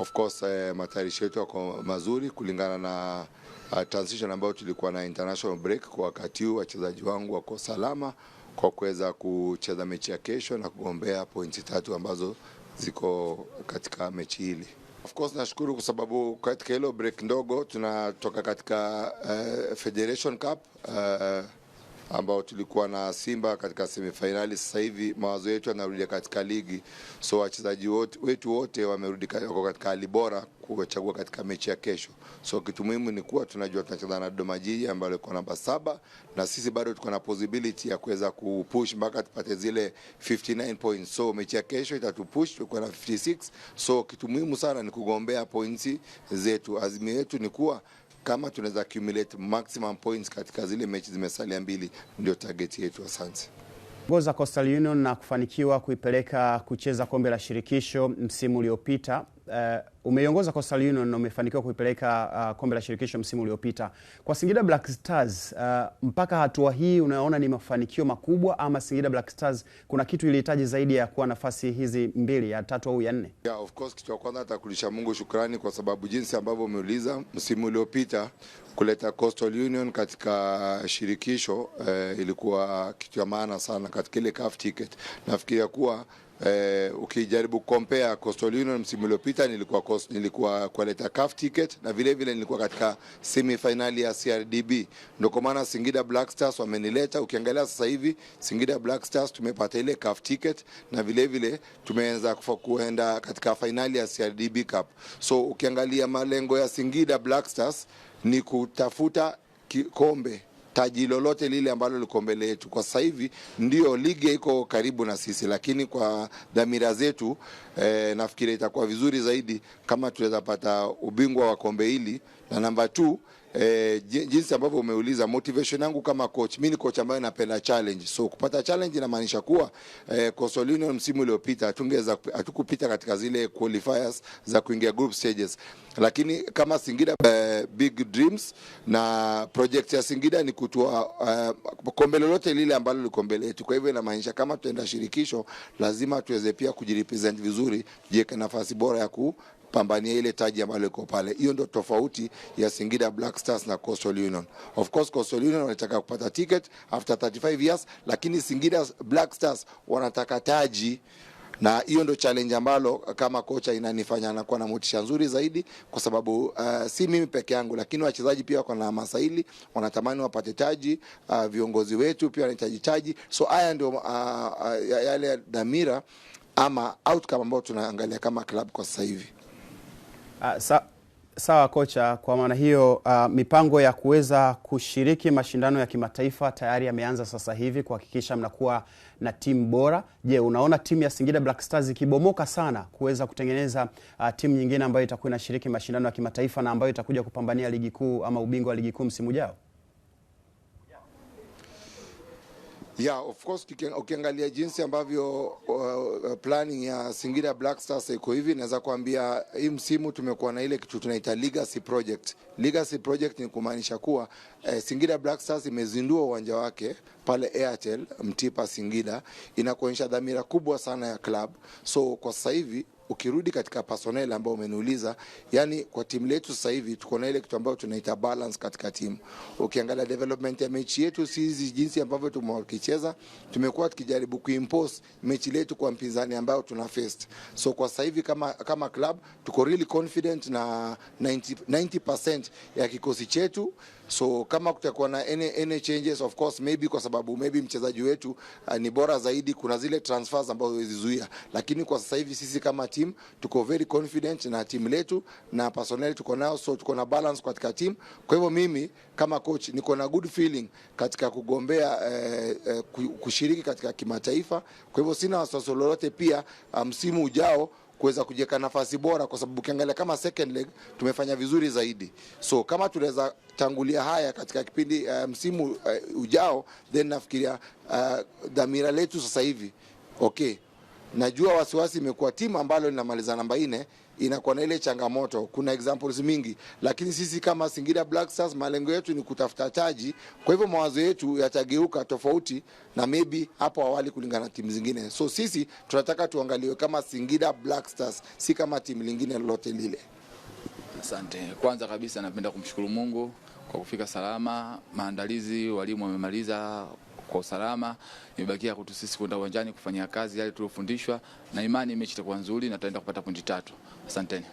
Of course eh, matayarisho yetu yako mazuri kulingana na uh, transition ambayo tulikuwa na international break. Kwa wakati huu wachezaji wangu wako salama kwa kuweza kucheza mechi ya kesho na kugombea pointi tatu ambazo ziko katika mechi hili. Of course nashukuru kwa sababu katika hilo break ndogo tunatoka katika uh, Federation Cup uh, ambao tulikuwa na Simba katika semifinali. Sasa hivi mawazo yetu yanarudia katika ligi, so wachezaji wetu wote wamerudi, wako katika hali bora kuchagua katika mechi ya kesho. So kitu muhimu ni kuwa tunajua tunacheza na Dodoma Jiji ambayo iko namba saba, na sisi bado tuko na possibility ya kuweza kupush mpaka tupate zile 59 points. So mechi ya kesho itatupush, tuko na 56. So kitu muhimu sana ni kugombea points zetu. Azimi yetu ni kuwa kama tunaweza accumulate maximum points katika zile mechi zimesalia mbili, ndio target yetu. Asante goza Coastal Union na kufanikiwa kuipeleka kucheza kombe la shirikisho msimu uliopita. Uh, umeiongoza Coastal Union na umefanikiwa kuipeleka uh, kombe la shirikisho msimu uliopita kwa Singida Black Stars. Uh, mpaka hatua hii unaona ni mafanikio makubwa ama Singida Black Stars kuna kitu ilihitaji zaidi ya kuwa nafasi hizi mbili ya tatu au ya nne? Yeah, of course, kitu cha kwanza atakulisha Mungu shukrani kwa sababu jinsi ambavyo umeuliza msimu uliopita kuleta Coastal Union katika shirikisho eh, ilikuwa kitu ya maana sana katika ile CAF ticket. Nafikiria kuwa Eh, ukijaribu compare Union msimu uliopita nilikuwa kos, nilikuwa kuleta CAF ticket na vile vile nilikuwa katika semi finali ya CRDB, ndio kwa maana Singida Black Stars wamenileta. Ukiangalia sasa hivi Singida Black Stars tumepata ile CAF ticket na vile vile tumeanza kuenda katika finali ya CRDB Cup. So ukiangalia malengo ya Singida Black Stars ni kutafuta kikombe taji lolote lile ambalo liko mbele yetu. Kwa sasa hivi ndio ligi iko karibu na sisi, lakini kwa dhamira zetu e, nafikiri itakuwa vizuri zaidi kama tutaweza pata ubingwa wa kombe hili na namba 2 Eh, jinsi ambavyo umeuliza motivation yangu kama coach, mimi ni coach ambaye napenda challenge. So kupata challenge inamaanisha kuwa eh, Coastal Union msimu uliopita hatungeweza hatukupita katika zile qualifiers za kuingia group stages, lakini kama Singida eh, Big Dreams na project ya Singida ni kutoa eh, kombe lolote lile ambalo liko mbele yetu. Kwa hivyo inamaanisha kama tutaenda shirikisho, lazima tuweze pia kujirepresent vizuri, tujiweke nafasi bora ya ku pambania ile taji ambayo iko pale. Hiyo ndio tofauti ya Singida Black Stars na Coastal Union. Of course, Coastal Union wanataka kupata ticket after 35 years, lakini Singida Black Stars wanataka taji na hiyo ndio challenge ambalo kama kocha inanifanya nakuwa na motisha nzuri zaidi, kwa sababu uh, si mimi peke yangu, lakini wachezaji pia wako na masaili, wanatamani wapate taji. Uh, viongozi wetu pia wanahitaji taji, so haya ndio uh, uh, yale dhamira ama outcome ambayo tunaangalia kama club kwa sasa hivi. Uh, sa, sawa kocha, kwa maana hiyo uh, mipango ya kuweza kushiriki mashindano ya kimataifa tayari yameanza sasa hivi kuhakikisha mnakuwa na timu bora. Je, unaona timu ya Singida Black Stars ikibomoka sana kuweza kutengeneza uh, timu nyingine ambayo itakuwa inashiriki mashindano ya kimataifa na ambayo itakuja kupambania ligi kuu ama ubingwa wa ligi kuu msimu ujao? Yeah, of course ukiangalia jinsi ambavyo uh, uh, planning ya Singida Black Stars iko hivi, naweza kuambia hii msimu tumekuwa na ile kitu tunaita legacy project. Legacy project ni kumaanisha kuwa eh, Singida Black Stars imezindua uwanja wake pale Airtel Mtipa Singida, inakuonyesha dhamira kubwa sana ya club. So kwa sasa hivi ukirudi katika personnel ambao umeniuliza, yani kwa timu letu sasa hivi tuko na ile kitu ambayo tunaita balance katika timu. Ukiangalia development ya mechi yetu sisi, jinsi ambavyo tumewakicheza, tumekuwa tukijaribu kuimpose mechi letu kwa mpinzani ambao tuna face. So kwa sasa hivi kama, kama club tuko really confident na 90, 90% ya kikosi chetu So kama kutakuwa na any, any changes of course maybe kwa sababu maybe mchezaji wetu uh, ni bora zaidi, kuna zile transfers ambazo wezizuia, lakini kwa sasa hivi sisi kama team tuko very confident na team letu na personnel tuko nao, so tuko na balance katika team. Kwa hivyo mimi kama coach niko na good feeling katika kugombea eh, eh, kushiriki katika kimataifa. Kwa hivyo sina wasiwasi lolote. Pia ah, msimu um, ujao kuweza kujeka nafasi bora, kwa sababu ukiangalia kama second leg tumefanya vizuri zaidi. So kama tunaweza tangulia haya katika kipindi uh, msimu uh, ujao, then nafikiria uh, dhamira letu sasa hivi okay Najua wasiwasi imekuwa timu ambalo linamaliza namba nne inakuwa na ile changamoto. Kuna examples mingi, lakini sisi kama Singida Black Stars malengo yetu ni kutafuta taji. Kwa hivyo mawazo yetu yatageuka tofauti na maybe hapo awali kulingana na timu zingine. So sisi tunataka tuangaliwe kama Singida Black Stars, si kama timu lingine lolote lile. Asante. Kwanza kabisa napenda kumshukuru Mungu kwa kufika salama. Maandalizi walimu wamemaliza kwa usalama. Imebakia kutu sisi kwenda uwanjani kufanyia kazi yale tuliofundishwa, na imani mechi itakuwa nzuri na tutaenda kupata pointi tatu. Asanteni.